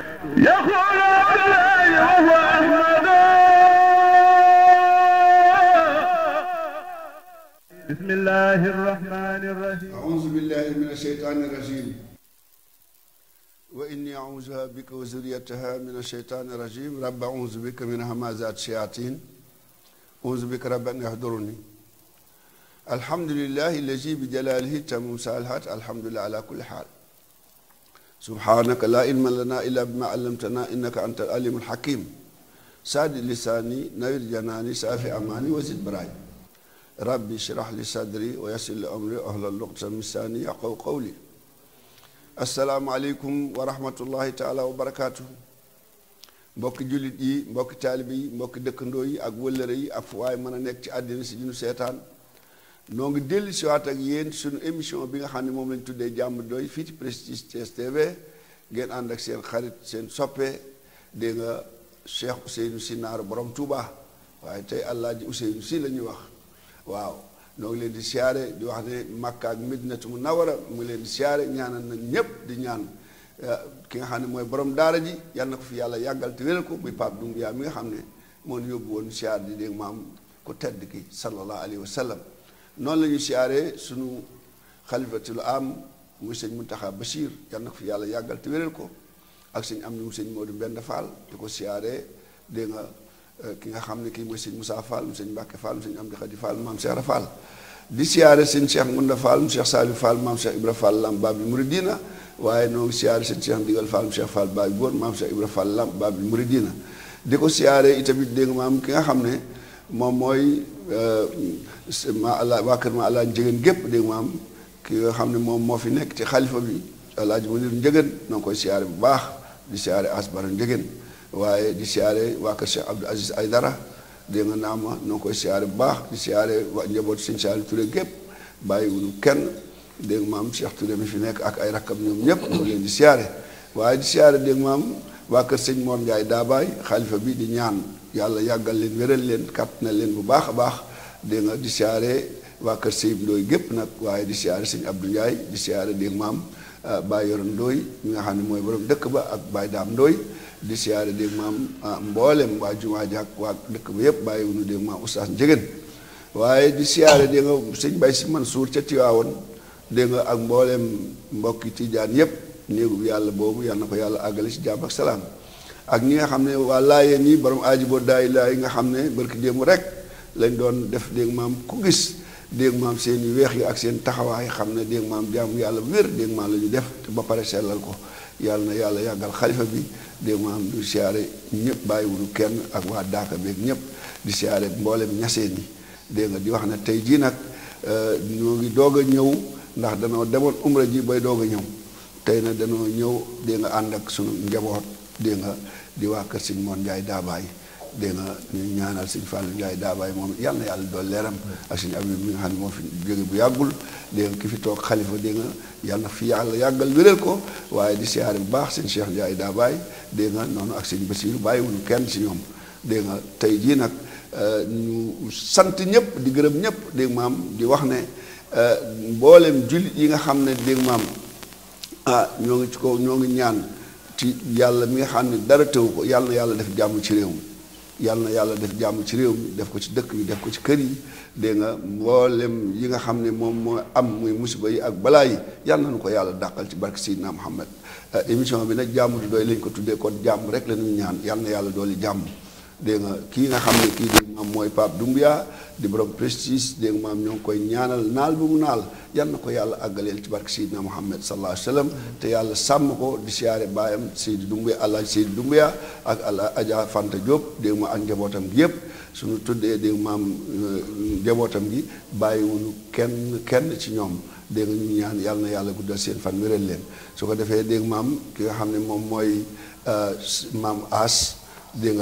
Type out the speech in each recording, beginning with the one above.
بسم الله الرحمن الرحيم أعوذ بالله من الشيطان الرجيم وإني أعوذ بك وذريتها من الشيطان الرجيم رب أعوذ بك من همازات الشياطين أعوذ بك رب أن يحضرني الحمد لله الذي بجلاله تم صالحات الحمد لله على كل حال سبحانك لا علم لنا إلا بما علمتنا إنك أنت العليم الحكيم ساد لساني نير جناني سافي أماني وزد براي ربي اشرح لي صدري ويسر لي أمري أهل اللقطة من لساني يقو قولي السلام عليكم ورحمة الله تعالى وبركاته mbokk jullit yi mbokk taalibe yi mbokk dëkkandoo yi ak wëllëre yi ak fu waay mën a nekk ci àddina si ñu seetaan noo ngi dellu siwaat ak yéen suñu émission bi nga xam ne moom lañ tuddee jàmm dooy fii ci Prestige Thiès TV ngeen ànd ak seen xarit seen soppe dégg nga Cheikh Ousseynou Sy naar borom Touba waaye tey Alaaji Ousseynou Sy la ñuy wax waaw noo ngi leen di siyaare di wax ne Makka ak Medinatu Munawara mu ngi leen di siyaare ñaanal nañ ñépp di ñaan eh, ki nga xam ne mooy borom daara ji yàlla na ko fi yàlla yàggal te wéral ko muy Pape Doumbia mi nga xam ne moo yóbbu woon siyaar di dégg maam ko tedd ki sallallahu alayhi wa sallam noonu la ñu siyaaree sunu lu am muy sëñ Muntaxa Bachir yal na ko fi yàlla yàggal te wéral ko ak sëñ am mu sëñ Modou Mbend Fall di ko siyaaree dégg nga euh, ki nga xam ne kii mooy sëñ Moussa Fall mu sëñ Mbacke Fall mu sëñ Amdi Khadi Fall maam Cheikh Fall di siyaare sëñ Cheikh Ngunda Fall mu Cheikh Saliou Fall maam Cheikh Ibra Fall lam Babil Mouridina waaye noo ngi siyaare sëñ Cheikh Ndigal Fall mu Cheikh Fall Baay Góor maam Cheikh Ibra Fall lam Babil Mouridina di ko siyaaree itamit dégg nga maam ki nga xam ne moom mooy euh, ma ala waa kër ma alaaj njëgën gépp dégg ma am ki nga xam ne moom moo fi nekk ci xalifa bi alaaj mu nir njëgën noo ngi koy siyaare bu baax di siyaare asbara njëgën waaye di siyaare waa kër Cheikh Abdou Aziz Aydara dégg nga naa ma noo koy siyaare bu baax di siyaare waa njaboot sëñ Saliou Touré gépp bàyyiwuñu kenn dégg nga maam Cheikh Touré mi fi nekk ak ay rakkam ñoom ñëpp ñoo leen di siyaare waaye di siyaare dégg maam waa kër sëñ Mor Ndiaye Daabaay xalifa bi di ñaan yàlla yàggal leen wéral leen na leen bu baax a baax dégg nga di siyaare waa kër Seyib Ndooy gépp nag waaye di siyaare sëñ Abdou Ndiaye di siyaare dégg maam ah, Baay Yoroon Ndooy mi nga xam mooy borom dëkk ba ak Baay Daam Ndooy di siyaare dégg maam ah, mboolem waa waa dëkk ba yëpp bàyyiwuñu dégg maam Oustaz Njëgën di siyaare dégg nga sëñ Bay Si Mansuur ca Tiwaawoon dégg nga ak mboolem mbokki tiijaan yëpp néegu yàlla boobu yàlla na ko yàlla àggale si jàmm ak salaam ak ñi nga xam ne waa laayeen yi borom aaji boo daay laay nga xam ne barki démb rek lañ doon def dégg maam ku gis dégg maam seen yu weex yi ak seen taxawaay xam ne maam jaamu yàlla bu wér dégg maam la ñu def te ba pare sellal ko yàlla na yàlla yàggal xalifa bi dégg maam du siyaare ñëpp bàyyiwuñu kenn ak waa daaka beeg ñëpp di siyaare mboolem ñaseen yi dégg nga di wax ne tey jii nag euh, ñoo ngi doog a ñëw ndax danoo demoon umra ji bay doog a ñëw na danoo ñëw dégg nga ànd ak sunu njaboot dégg nga di waa kër sëñ Moon Njaay Daabaay dégg nga ñu ñaanal sëñ Fallou Njaay Daabaay moom yal yàlla doo leeram ak sëñ Abib mi nga xam moo fi jóge bu yàggul ki fi toog xalifa dégg yàlla na yàlla yàggal wéral ko waaye di siyaare bu baax sëñ Cheikh Njaay Daabaay dégg nga noonu ak sëñ Basiiru bàyyiwuñu kenn si ñoom dégg nga tey jii nag euh, ñu sant ñëpp di gërëm ñëpp dégg maam di wax ne euh, mboolem jullit yi nga xam ne dégg maam ah ngi ci kaw ñoo ngi ñaan ci yàlla mi nga xam ne dara tëw ko yàlla na yàlla def jàmm ci réew mi yàlla na yàlla def jàmm ci réew mi def ko ci dëkk bi def ko ci kër yi dégg nga mboolem yi nga xam ne moom moo am muy musiba yi ak balaa yi yàlla nañu ko yàlla dàqal ci barke Seydina Muhammad euh, émission bi nag jàmm du doy lañ ko tuddee kon jàmm rek la ñuy ñaan yàlla na yàlla dooli jàmm dégg nga kii nga xam ne kii dégg maam mooy Pape Doumbia di borom prestige dégg maam ñoo ngi koy ñaanal naal bu mu naal yal ko yàlla àggaleel ci barke Seydina Muhammad sallallahu alayhi te yàlla sàmm ko di siyaare baayam Seydi Doumbia allah Seydi Doumbia ak allah Adja Fanta Diop dégg ma ak njabootam yëpp suñu tuddee dégg maam euh, njabootam gi bàyyiwuñu kenn kenn ci ñoom dégg nga ñu ñaan yàlla na yàlla guddal seen fan wéral leen su ko defee dégg maam ki nga xam ne moom mooy euh, maam As dégg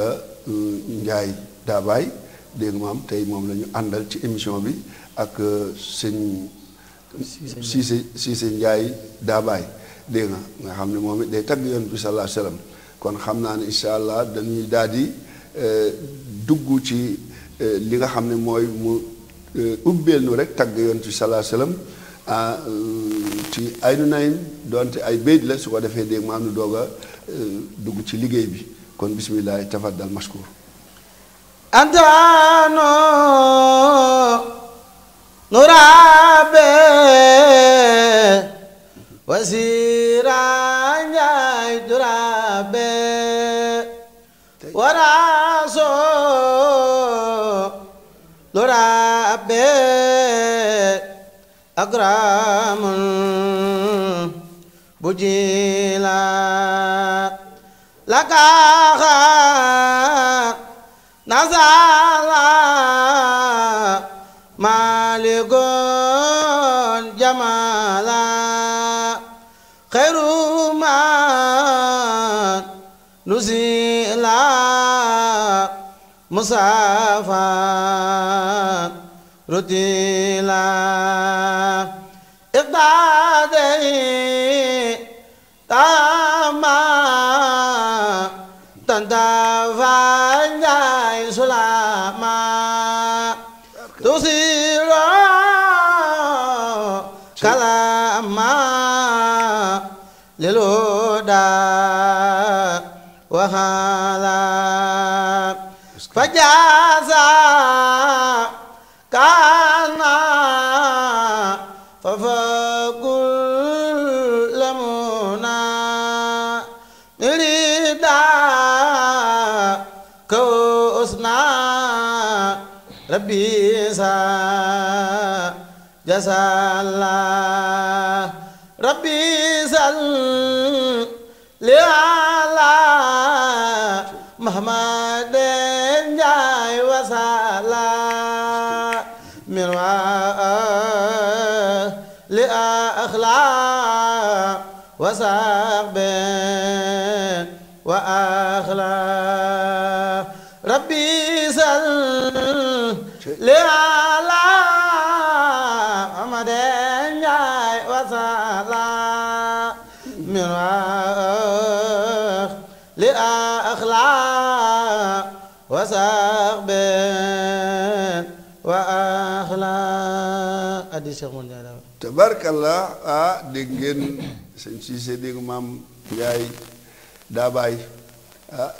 Euh, Ndiaye Dabaye dégg nga maam tey moom lañu àndal ci émission bi ak si euh, si Cissé Ndiaye Dabaye dégg nga nga xam ne moom it day tagg yoon bi sallallahu alayhi kon xam naa ne incha allah dañuy daal di euh, dugg ci li nga xam ne mooy mu ubbeel rek tagg yoon bi sallallahu ah, ci ay nu nayn doonte ay béyt la su ko defee dégg maam nu doog a dugg ci liggéey bi kon bisimilah tafaddal mashkur antaano nuraabe wasiira njaay duraabe waraaso luraabe akramun bujila لكاها نزالا مالك جمالا خير ما نزيلا مصافا رديلا إقدادين وهذا فجازا كان ففوق المنى نريد كوسنا ربي سا جزا الله ربي سل Ahmad Njaay wasala min waa ben wa axlaa rabbi sal wa akhla adi cheikh mon jaara tabarakallah a dégg ngeen sëñ Cissé dégg maam Njaay daabaay ah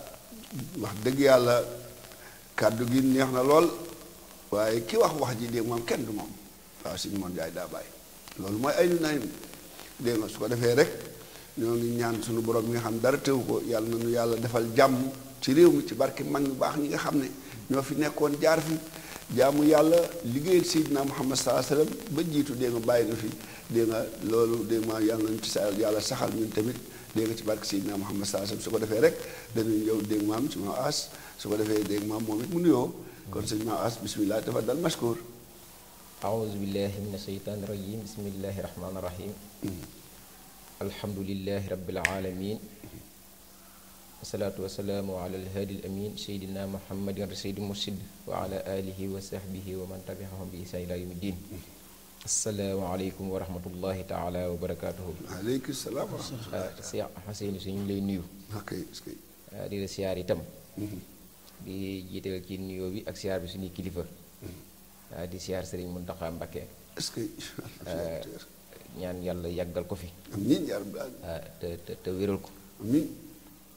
wax dëgg yàlla kàddu gi neex na lool waaye ki wax wax ji dégg moom kenn du moom waaw sëñ mon Njaay daabaay loolu mooy ay nañ dégg nga su ko defee rek ñoo ngi ñaan suñu borom mi nga xam dara teew ko yàlla nañu defal ci réew mi ci um, barke mag ñu baax ñi nga xam ne ñoo fi nekkoon jaar fi jaamu yàlla liggéeyal Seydina Muhammad salaa sallam ba jiitu dégg nga bàyyi na fi dégg nga loolu dégg nga yàlla nañu ci sa yàlla saxal ñu tamit dégg nga ci barke Seydina Muhammad salaa sallam su ko defee rek dañuy ñëw dégg nga maam ci maam as su ko defee dégg nga maam moom it mu nuyoo kon sëñ maam as bisimilah tafaddal mashkur aouzu billahi min asheytaani rajim bismillahi rahmaani rahim hmm. alhamdulilahi rabbil wasalaatu wasalaamu ala alhaadi alamin seydina muhammadin rasidi mursid wa ala alihi wa sahbihi wa man tabiahum bi isa ila yawmi din asalaamaaleykum wa rahmatullahi taala wa barakaatuhu aleykum salaam wa rahmatullahi Cheikh Ousseynou Sy ñu ngi lay nuyu di la siyaar itam di jiital ci nuyoo bi ak siyaar bi suñuy kilifa di siyaar Sëriñ Muntaxa Mbakke ñaan yàlla yàggal ko fi amiin te te wéral ko amiin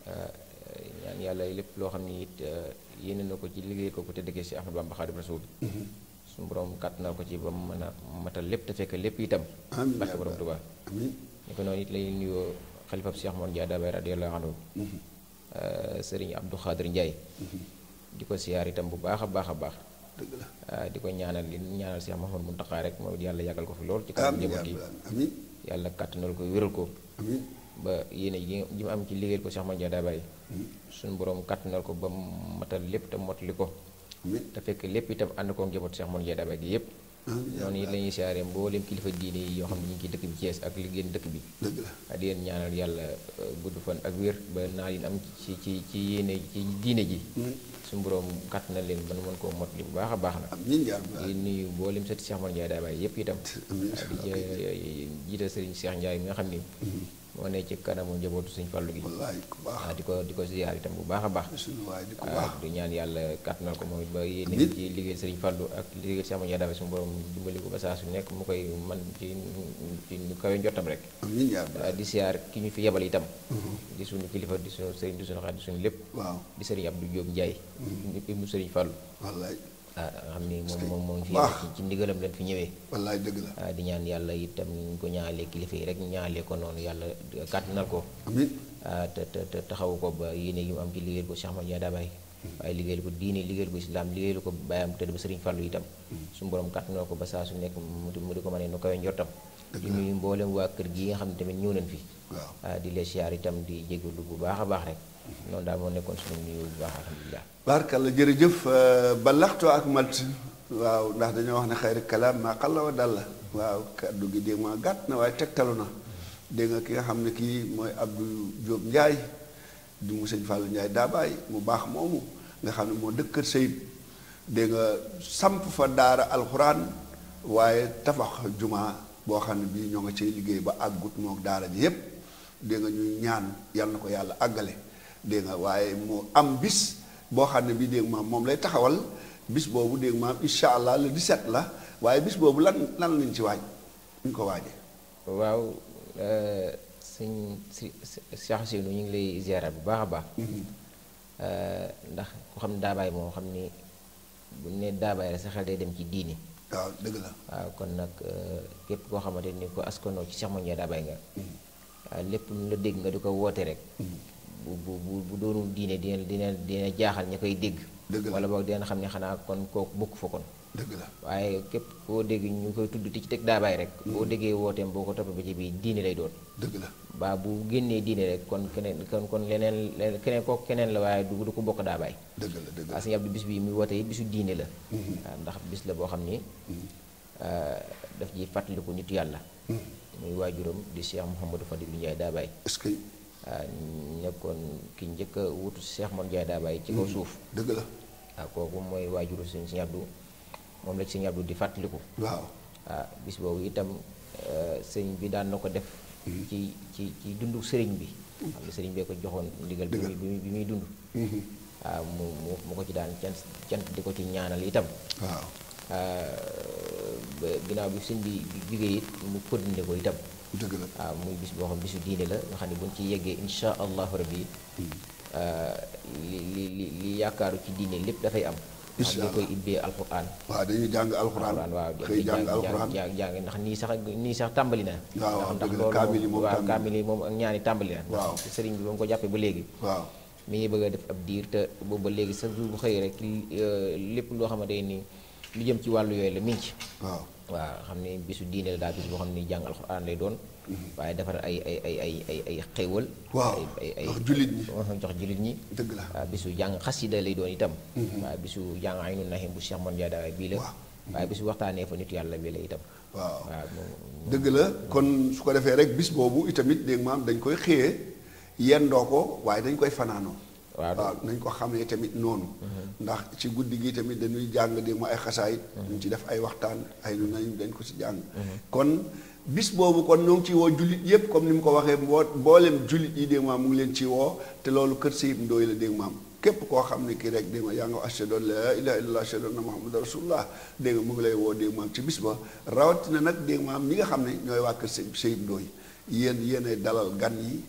ñaan yàlla lépp loo xam ni it eh, yéene na ko ci liggéey ko ku tedd ki si Ahmadu Bamba Xaadimu Rasuul suñu borom kàttanal ko ci ba mu mën a matal lépp te fekk lépp itam barke borom Tuubaa ni noonu it lay nuyoo xalifab Cheikh Mor Ndiaye Daabay radiyallahu anhu mm-hmm. eh, sëriñ Abdou Khadir Ndiaye mm-hmm. di ko siyaar itam bu baax a baax a baax eh, di ko ñaanal li ñaanal Cheikh Mouhamadou Mountakha rek moom yàlla yàggal ko fi lool ci kanam njaboot yi yàlla kàttanal ko wéral ko ba yéene ji mu am ci liggéeyal ko Cheikh Madior daa bari hmm. suñu borom kàttanal ko ba matal lépp te motali ko te fekk lépp itam ànd ko njaboot Cheikh Madior daa bari gi yépp noonu it la ñuy siyaaree mboolem kilifa diine yi yoo xam ne ñu ngi dëkk bi Thiès ak li dëkk bi di ñaanal yàlla euh, gudd fan ak wér ba naa am ci ci ci yéene ci diine ji hmm. suñu borom kàttanal leen ba nu mën koo motali bu baax a baax na di nuyu mboolem sëti Cheikh Madior daa bari yépp itam di euh, euh, jiital Serigne Cheikh Ndiaye mi nga xam ni hmm. moo ne ci kanamu njabootu suñ fàllu gi waaw ah, di ko di ko ziyaar itam bu baax a baax di ah, ñaan yàlla kàttanal ko moom it ba yéene ci liggéey sëriñ fàllu ak liggéey si amañu dafa suñu borom dimbali ko ba saa su nekk mu koy man ci ci ñu kawe njottam rek ah, di ki ñu fi yebal itam mm-hmm. di suñu kilifa di suñu sëriñ di suñu xaar lépp di sëriñ Abdou Diop Ndiaye mm-hmm. fàllu ah xam ni moom moom moom fi ci ndigalam leen fi ñëwee wallaay dëgg la ah, di ñaan yàlla itam ñu ko ñaale kilifa yi rek ñaale ko noonu yàlla kàttanal ko amiin ah, te te taxawu ko ba yéene gi mu am ci liggéeyal ko Cheikh Madiagne Dabaye hmm. waaye liggéeyal ko diine liggéeyal ko islam liggéeyal ko bàyyam tëdd ba sëriñ Fallou itam hmm. suñu borom kàttanal ko ba saa su nekk mu di ko mënee nu kawe njortam yu nuyu mboolem waa kër gi nga xam ne tamit ñëw leen fi waaw ah, di leen siyaar itam di jégalu bu baax a baax rek noonu daal moo nekkoon suñu nuyu bu baax alhamdulilah. barkalla jërëjëf euh, balaxtoo ak malt waaw ndax dañoo wax ne xayri kalaam maa qalla wa dalla waaw kaddu gi dégg maa gàtt na waaye tegtalu na dégg nga ki nga xam ne kii mooy Abdou Diop Ndiaye di mu sëñ Fallou Ndiaye daabaay mu baax moomu nga xam ne moo dëkk kër Seyib dégg samp fa daara alxuraan waaye tabax juma boo xam ne bii ñoo nga cay liggéey ba àggut mook daara ji yépp dégg nga ñuy ñaan yàlla na ko yàlla àggale dégg nga waaye mu am bis boo xam ne bi dégg maam moom lay taxawal bis boobu dégg maam incha allah le 17 la waaye bis boobu lan lan lañ ci waaj ñu ko waajee. waaw euh, sëñ si si lu ñu ngi lay ziara bu baax a baax. Mm-hmm. Euh, ndax ku xam daabaay moom xam ni buñ ne daabaay la sa day dem ci diini. waaw dëgg la kon nag euh, képp koo xamante ni ko askanoo ci Cheikh Moundiaye daabaay nga. Mm-hmm. lépp lu la dégg nga di ko woote rek. Mm-hmm. bu bu bu doonul diine dina dina dina jaaxal ña koy dégg. dëgg la wala boog xam ne xanaa kon kooku bokk fa kon. waaye képp koo dégg ñu koy tudd ti ci teg daabaay rek. boo mm. déggee wooteem boo ko toppee ba ci bii diine lay doon. dëgg la ba bu génnee diine rek kon keneen kon kon leneen keneen kooku keneen la waaye du ko bokk daabaay. dëgg la dëgg la parce bis bi muy woote yi bisu diine la. Mm-hmm. ndax bis la boo xam ni mm-hmm. euh, daf ji fàttaliku nitu yàlla. Mm-hmm. muy waajuram di Cheikh Mouhamadou Fadilou Ndiaye daabaay. est-ce que. Ah, nekkoon ki njëkk a wutu Cheikh Mor Ndiaye Dabaye ci kaw hmm. suuf. dëgg la ah, kooku mooy waajuru suñu Sëñ Abdou moom la ci Sëñ di fàttaliku. waaw ah, bis boobu itam eh, sëñ bi daan na ko def. Hmm. ci ci ci dundu sëriñ bi. Hmm. xam nga sëriñ bee ko joxoon ndigal. bi muy dund. waaw mu mu ko ci daan cant cant di ko ci ñaanal itam. waaw. ginnaaw bi sëñ bi jugee it mu continué ko itam. dëgg la waaw ah, muy bis boo xam bisu diine la nga xam ne buñ ci yeggee incha allahu rabbi hmm. ah, li li li li yaakaaru ci diine lépp dafay am. incha allah koy ibbee alquran. waaw dañuy jàng alquran. waaw xëy jàng ndax nii sax nii sax tàmbali na. waaw ndax loolu moom waaw kaamil yi moom ak ñaani tàmbali na. waaw sëriñ bi ba mu ko jàppee ba léegi. waaw mi ngi bëgg a def ab diir te boobu ba léegi sa bu xëy rek euh, lépp loo xam xamante ni lu jëm ci wàllu yooyu la mi ngi ci. waaw. waaw xam ne bisu diine la daal bis boo xam ne jàng alxuraan lay doon. Mhm. waaye defar ay ay ay ay ay ay xéewal. waaw jox jullit ñi jox jullit ñi. dëgg la bisu jàng xasida lay doon itam. Mhm. waaw bisu jàng aynu naxim bu Cheikh Mawne Dia daal bii la. Mhm. waaye bisu waxtaanee fa nit yàlla bii la itam. waaw dëgg la kon su ko defee rek bis boobu itamit dégg maam dañ koy xëyee yendoo ko waaye dañ koy fanaanoo. waaw nañ ko ne tamit noonu mm-hmm. ndax ci guddi gi tamit dañuy jàng di mu ay xasaayit mm-hmm. ñu ci def ay waxtaan ay nañ dañ ko ci jàng mm-hmm. kon bis boobu kon ñoo ngi ci woo jullit yépp comme ni mu ko waxee boo mboolem jullit yi dégg maam mu ngi leen ci woo te loolu kër Sayib Ndoye la dégg maam képp koo xam ne kii rek dégg nga yaa nga ashhadu an laa ilaaha illallaah ashhadu anna mu ngi lay woo dégg maam ci bis ba rawatina nag dégg maam mi nga xam ne ñooy waa kër Sayib Ndoye yéen yéen dalal gan yi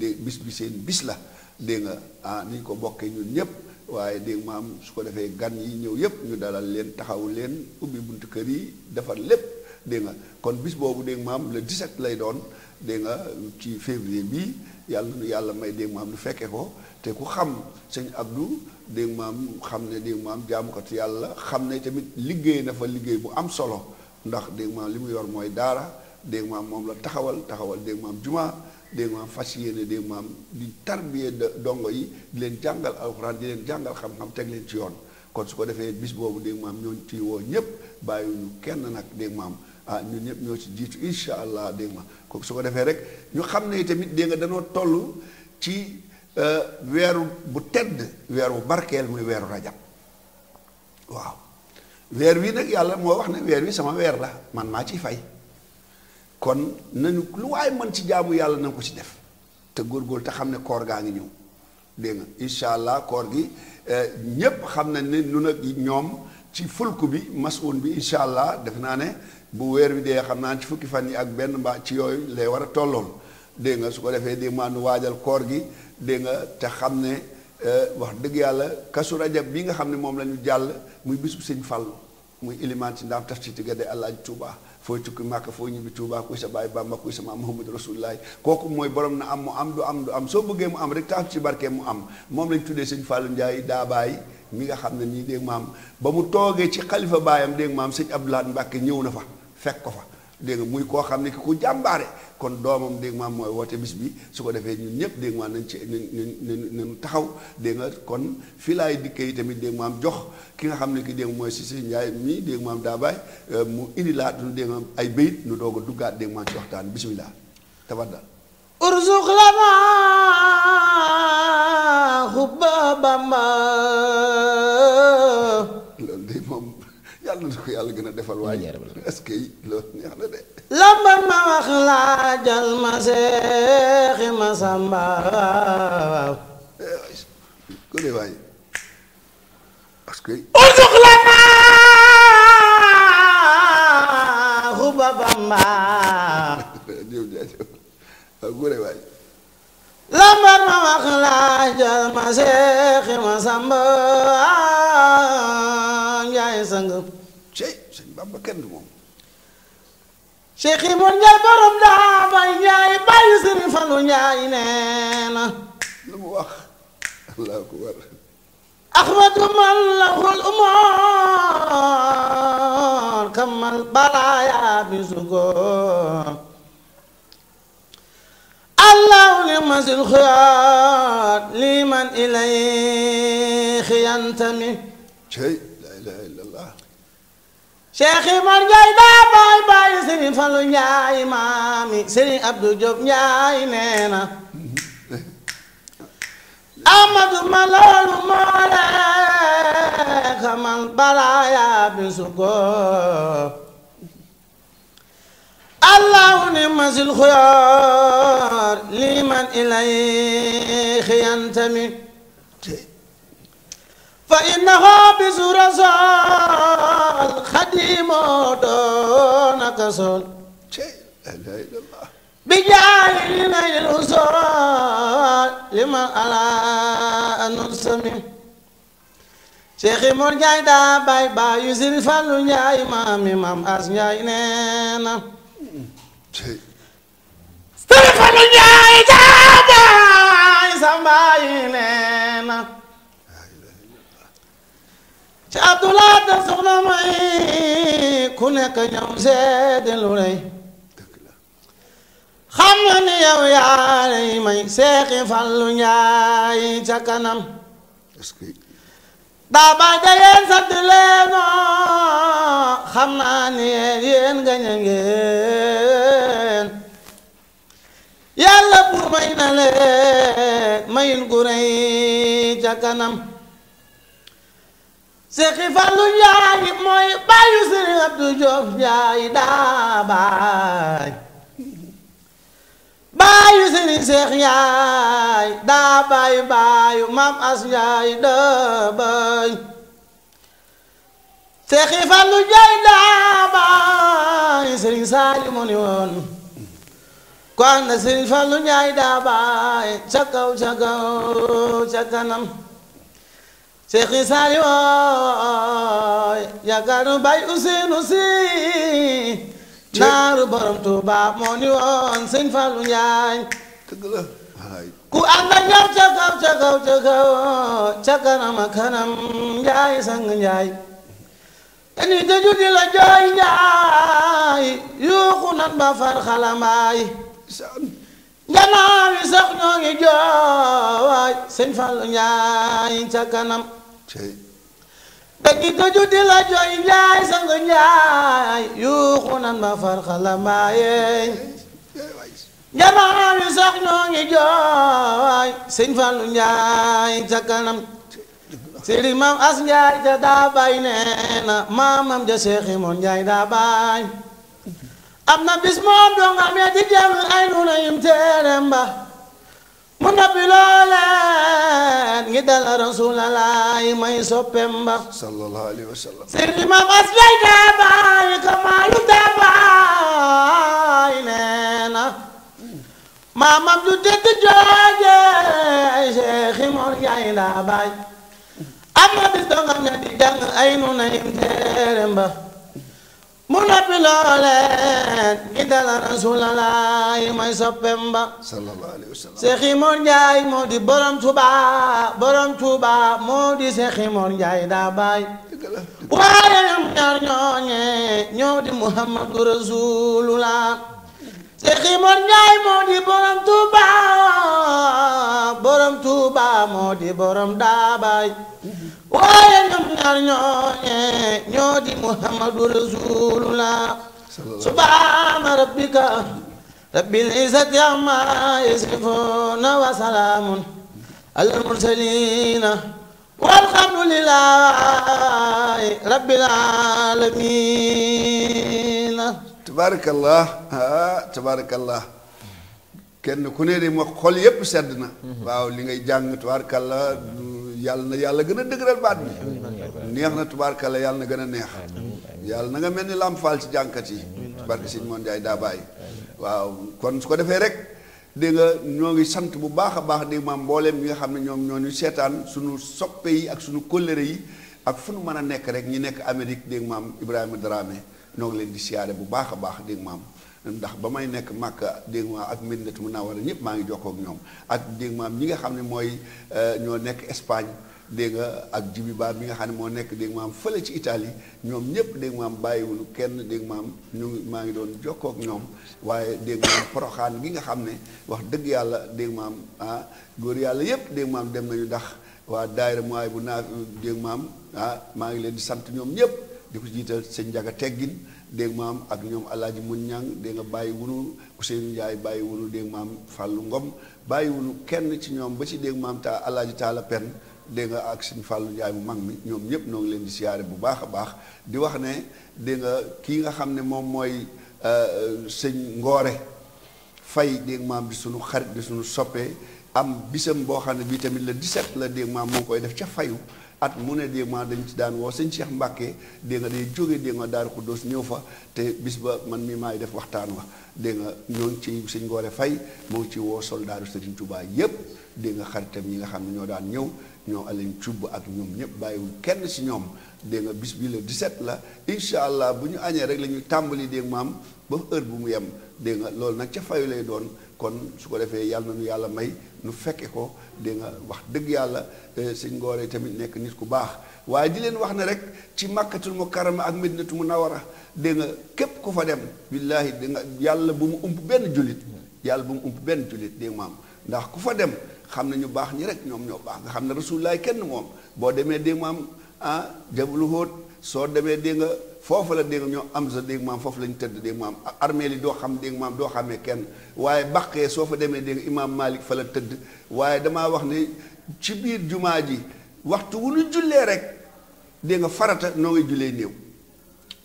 de bis bi seen bis la dégg nga ah ni ñu ko bokkee ñun ñëpp waaye dégg nga maam su ko defee gan yi ñëw yëpp ñu dalal leen taxawu leen ubbi buntu kër yi defar lépp dégg nga kon bis boobu dégg nga maam le 17 lay doon dégg nga ci février bi yàlla nu yàlla may dégg maam lu fekkee ko te ku xam sëñ Abdou dégg maam xam ne dégg maam ci yàlla xam ne tamit liggéey na fa liggéey bu am solo ndax dégg maam li mu yor mooy daara dégg maam moom la taxawal taxawal dégg maam juma. dégg fas yéene dégg maam di tarbiye dongo yi di leen jàngal alxuraan di leen jàngal xam-xam teg leen ci yoon kon su ko defee bis boobu dégg maam ñoo ci woo ñëpp bàyyiwuñu kenn nag dégg maam ah ñun ñëpp ñoo ci jiitu incha allah dégg ma ko su ko defee rek ñu xam ne tamit dégg nga danoo toll ci euh, weeru bu tedd weer bu barkeel muy weeru rajab waaw weer wii nag yàlla moo wax ne weer wi sama weer la man maa ciy fay kon nañu lu waaye mën ci jaamu yàlla na ko ci def te góor góor te xam ne koor gaa ngi ñëw dégg nga incha allah koor gi eh, ñépp xam nañ ne nu nag ñoom ci fulku bi masuun bi incha allah def naa ne bu weer bi dee xam naa ci fukki fan yi ak benn mbaa ci yooyu lay war a tolloon dégg nga su ko defee dégg maa nu waajal koor gi dégg nga te xam ne eh, wax dëgg yàlla kasu rajab bi nga xam ne moom la ñu jàll muy bis bu sëñ fàll muy ilimaan ci ndaam taf ci tigga de àllaaj tuubaa foo tukki Màkka foo ñibbi Tuubaa kuy sa baay Bàmba kuy sa maam Muhammadu Rasulullaahi kooku mooy borom na am mu am du am du am soo bëggee mu am rek taaf ci barke mu am moom lañ tuddee sëñ Fallou Ndiaye daabaay mi nga xam ne nii dégg maam ba mu toogee ci xalifa baayam dégg maam sëñ Abdoulaye Mbàkke ñëw na fa fekk ko fa dégg nga muy koo xam ne ki ku jàmbaare kon doomam dégg maam mooy woote bis bi su ko defee ñun ñëpp dégg maam nañ ci nañ nañ taxaw dégg kon fii laay dikkee yi tamit dégg maam jox ki nga xam ne ki dégg mooy si si Njaay mi dégg maam daa baay euh, mu indi laat nu dégg ay béyit nu doog a duggaat dégg maam ci waxtaan bisimilah tafaddal urzuq lana hubba Bamba na ma wax laajal ma seexi eh, ah, ma samba waaw waaye parce ma wax laajal ma seexi ma samba njaay sang بكلمهم شيخي من جل برم لها باي جاي باي فلو الله أكبر أخمد من له الأمور كم البرايا بسجون الله لمز الخيار لمن إليه ينتمي شيء شيخي مر جاي بابا باي سيري فلو ياي مامي سيري عبدو جوب ياي نينا امدو مالول مولا كمان بن بنسوكو الله نمز الخيار لمن اليه ينتمي فإنه بزرزال خديم دونك سول لا إله إلا الله بجاهلين الأصول لمن ألا أن نرسمي Cheikh Mor Ndiaye daa bay ba yu sin Fallu Ndiaye maam yi maam as Ndiaye nee na. Sëriñ Fallu Ndiaye daa bay nee na. ci Abdoulaye da soxna may ku nekk ñëw seede lu rëy na ni yow yaa lay may seexi Fallu Njaay ca kanam daa bañ da yéen sant leenoo xam naa ni yéen yéen gañe ngeen yàlla may na leen mayin gu rëy ca kanam Seexi Fallu Njaay mooy bàyyu Sëriñ Abdu Joof Njaay daa baay bàyyu Sëriñ Seex Njaay daa baay bàyyu Maam As Njaay daa baay Seexi Fallu Njaay daa baay Sëriñ Saali mu ni woon kon na Sëriñ Fallu Njaay daa baay ca kaw ca Seexi Saaliw wooy yàggaanu bay Useynu si naaru borom Tuuba moo ni woon sëñ Fallou Ndiaye ku ànd ak yow ca kaw ca a kanam Ndiaye sang Ndiaye dañuy tëju di la jooy Ndiaye yuuxu nan ba far xalambaay njanaawi sax ñoo ngi jooy sëñ Fallou Ndiaye ca dëggi ko juddi la jooy njaay sango njaay yuuxu nan ba farxala maayeñ jamaa wi sax ñoo ngi jooy sëñ njaay ca kanam sëriñ as njaay ca daa bay nee na ja seexi moon njaay daa bay na bis moom dong amee di jàng ay nuna yim teerem ba mu ndab looleen ngi dal rasulalaayi may soppem ba sallallahu alayhi wa sallam sirri ma mas lay daabaay neena maamam du tëdd jooje Cheikh Mor Njaay daabaay am na bis dongam ne di jàng ay nu nayim teere mu noppi looleen gi dala rasulallaahi mooy soppem ba sallallahu alayhi wa moo di borom Tuubaa borom Tuubaa moo di Seex Imoor Njaay daa baay waaye ñoom ñaar ñooñe ñoo di Muhammadu Rasulullah Seex Imoor Njaay moo di borom Tuubaa borom Tuubaa moo di borom daa baay waaye ñoom ñaar ñooñe ñoo di muhammadu rasulullah subhaana rabbika rabbil izzati amma yasifuna wa salaamun alal mursalina walhamdulillahi rabbil alamin tabaarakallah kenn ku ne de ma xol yépp sedd na mm-hmm. li ngay jàng tabaarakallah yàlla na yàlla gën a dëgëral baat bi neex na tubaarkala yàlla na gën a neex yàlla na nga mel ni làmp làmpaal ci jànkat yi barke Sëñ Moon Njaay daa bàyyi waaw kon su ko defee rek dégg nga ñoo ngi sant bu baax a baax dégg maam mbooleem ñi nga xam ne ñoom ñoo ñu seetaan suñu soppe yi ak suñu kóllëre yi ak fu nu mën a nekk rek ñi nekk Amérique dégg maam Ibrahima Dramé ñoo ngi leen di siyaare bu baax a baax dégg maam ndax ba may nekk Makka dégg nga ak mu Medinatu Munawara ñëpp maa ngi jokkook ñoom ak dégg nga ñi nga xam ne mooy ñoo nekk Espagne dégg ak Jibi Ba bi nga xam ne moo nekk dégg nga fële ci Italie ñoom ñëpp dégg nga bàyyiwuñu kenn dégg ñu maa ngi doon jokkoo ñoom waaye dégg nga poroxaan nga xam ne wax dëgg yàlla dégg ah góor yàlla yëpp dégg dem nañu ndax waa daayira mooy bu naa dégg nga maa ngi leen di sant ñoom ñëpp di ko jiital sëñ Njaga Teggin. dégg maam ak ñoom alaaji mun ñang dégg nga bàyyi wunu Ousseynou Ndiaye bàyyi wunu dégg maam Fàllu Ngom bàyyi wunu kenn ci ñoom ba ci dégg maam ta alaaji taala pen dégg nga ak suñu Fàllu Ndiaye mu mag mi ñoom ñëpp noo ngi leen di siyaare bu baax a baax di wax ne dégg nga kii nga xam ne moom mooy euh, sëñ Ngoore Fay dégg maam di suñu xarit di suñu soppee am bisam boo xam ne bii tamit le 17 la dégg maam mu koy def ca fayu at mune ne dégg ma dañ ci daan woo sëñ Cheikh Mbacke dégg nga day jóge dégg nga Daaru Xuddoos ñëw fa te bis ba man mi maay def waxtaan wa dégg nga ñoo ngi ci sëñ Ngoole Fay moo ci woo soldaaru Sëriñ Tuubaa yépp dégg nga xaritam yi nga xam ñoo daan ñëw ñoo ak kenn si ñoom dégg nga bis bi le 17 la incha allah bu ñu añee rek la ñuy tàmbali dégg ba heure bu mu yem dégg nga loolu ca fayu lay doon kon su ko defee yàlla na nu yàlla may nu fekke ko dégg nga wax dëgg yàlla eh, sëñ Ngoore tamit nekk nit ku baax waaye di leen wax ne rek ci màkkatul mukarrama ak medinatu munawara dégg nga képp ku fa dem billaahi dégg nga yàlla bu mu ump benn jullit yàlla bu mu ump benn jullit dégg nga maam ndax ku fa dem xam na ñu baax ñi rek ñoom ñoo baax nga xam ne rasulullaay kenn moom boo demee dégg maam ah jabalu Uhud soo demee dégg foofu la dégg ñoo am sa dégg maam foofu la ñu tëdd dégg maam armeel yi doo xam dégg maam doo xamee kenn waaye baqee soo fa demee dégg imaam Malik fa la tëdd waaye damaa wax ni ci biir jumaa ji waxtu wu ñu jullee rek dégg farata noo ngi jullee néew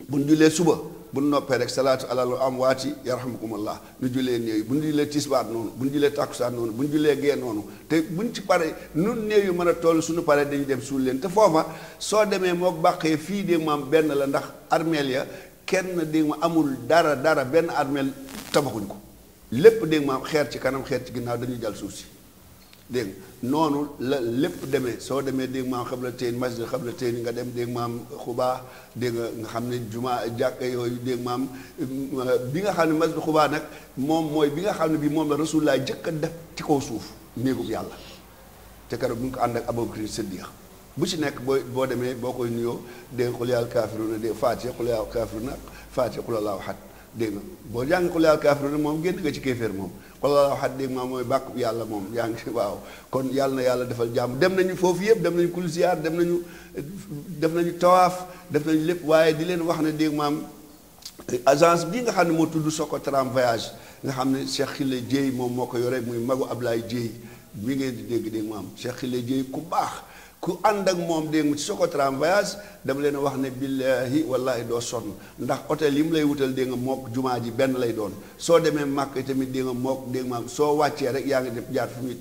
bu ñu jullee suba bu noppee rek salaatu alalu am waati yarhamukumullah ñu julee néew bu ñu julee tisbaar noonu bu ñu julee takkusaan noonu bu ñu julee gee noonu te bu ñu ci pare nun néew yu mën a toll suñu paree dañuy dem suul leen te foofa soo demee moo bàqee fii de maam benn la ndax armeel ya kenn dégg amul dara dara benn armeel tabaxuñ ko lépp dégg maam xeer ci kanam xeer ci ginnaaw dañuy jàll suuf si dégg noonu la lépp demee soo demee dégg maam xam la teen masjid xam la teen nga dem dégg maam xubaa dégg nga xam ne juma jàkka yooyu dégg maam bi nga xam ne masjid xubaa nag moom mooy bi nga xam ne bii moom la laa jëkk a def ci kaw suuf néegub yàlla te keroog bu ñu ko ànd ak Abubakar Siddiq bu ci nekk booy boo demee boo koy nuyoo dégg xul yàlla kaafiruna dégg faatiha xul yàlla kaafiruna faatiha xul allahu ahad dégg na boo jàng ko laal kaafiruuna moom génn nga ci kéeféer moom xol laa waxaat dégg ma mooy bàkku yàlla moom yaa ngi waaw kon yàlla na yàlla defal jàmm dem nañu foofu yëpp dem nañu kul ziyaar dem nañu def nañu tawaaf def nañu lépp waaye di leen wax ne dégg maam agence bi nga xam ne moo tudd ko voyage nga xam ne Cheikh Xile Dieye moom moo ko yore muy magu ab Ablaye Dieye mi ngeen di dégg dégg maam Cheikh Xile Dieye ku baax ku ànd ak moom dégg nga ci Socotrans voyage dama leen wax ne billahi wallahi doo sonn ndax hôtel yi mu lay wutal dégg nga mook jumaa ji benn lay doon soo demee màkk tamit dégg nga mook dégg nga soo wàccee rek yaa ngi dem jaar fi muy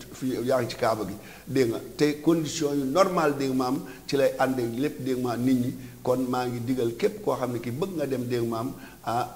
yaa ngi ci kaaba gi dégg nga te condition yu normal dégg maam ci lay ànd lépp dégg maam nit ñi kon maa ngi digal képp koo xam ne ki bëgg nga dem dégg nga maam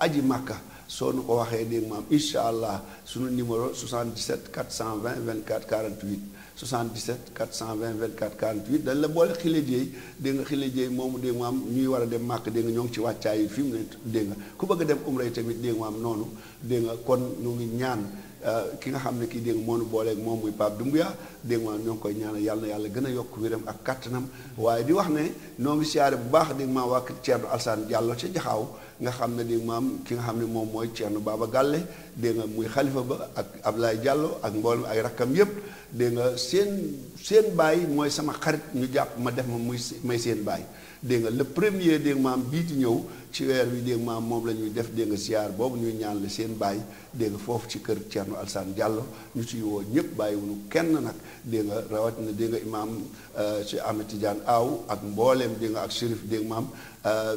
aji màkka soo nu ko waxee dégg nga maam incha allah sunu numéro 77 420 24 48 77 420 24 48 dañ la boole xile jéey dégg nga xile jéey moomu dégg nga am ñuy war a dem màkk dégg nga ñoo ngi ci wàccaay yi fi mu ne dégg nga ku bëgg a dem umra yi tamit dégg nga am noonu dégg nga kon ñu ngi ñaan euh, ki nga xam ne kii dégg nga moo nu booleeg moom muy Pape Doumbouya dégg nga ñoo ngi koy ñaanal yàlla yàlla gën a yokk wéram ak kattanam waaye di wax ne noo ngi siyaare bu baax dégg nga maa waa Thierno Alassane Diallo ci Jaxaaw nga xam ne dégg maam ki nga xam ne moom mooy Thierno Baba gàlle dégg nga muy xalifa ba ak Ablaye Diallo ak mboolem ay rakkam yépp dégg nga seen seen baay mooy sama xarit ñu jàpp ma def ma muy may seen baay dégg nga le premier maam bii di ñëw ci weer wi dégg moom la ñuy def dégg nga siyaar boobu ñuy ñaan seen baay dégg foofu ci kër Thierno Alsane Diallo ñu ci woo ñëpp bàyyiwuñu kenn nag dégg nga rawatina dégg nga imaam si euh, Ahmed Tidiane Aw ak mboolem dégg ak Chérif dégg maam Euh,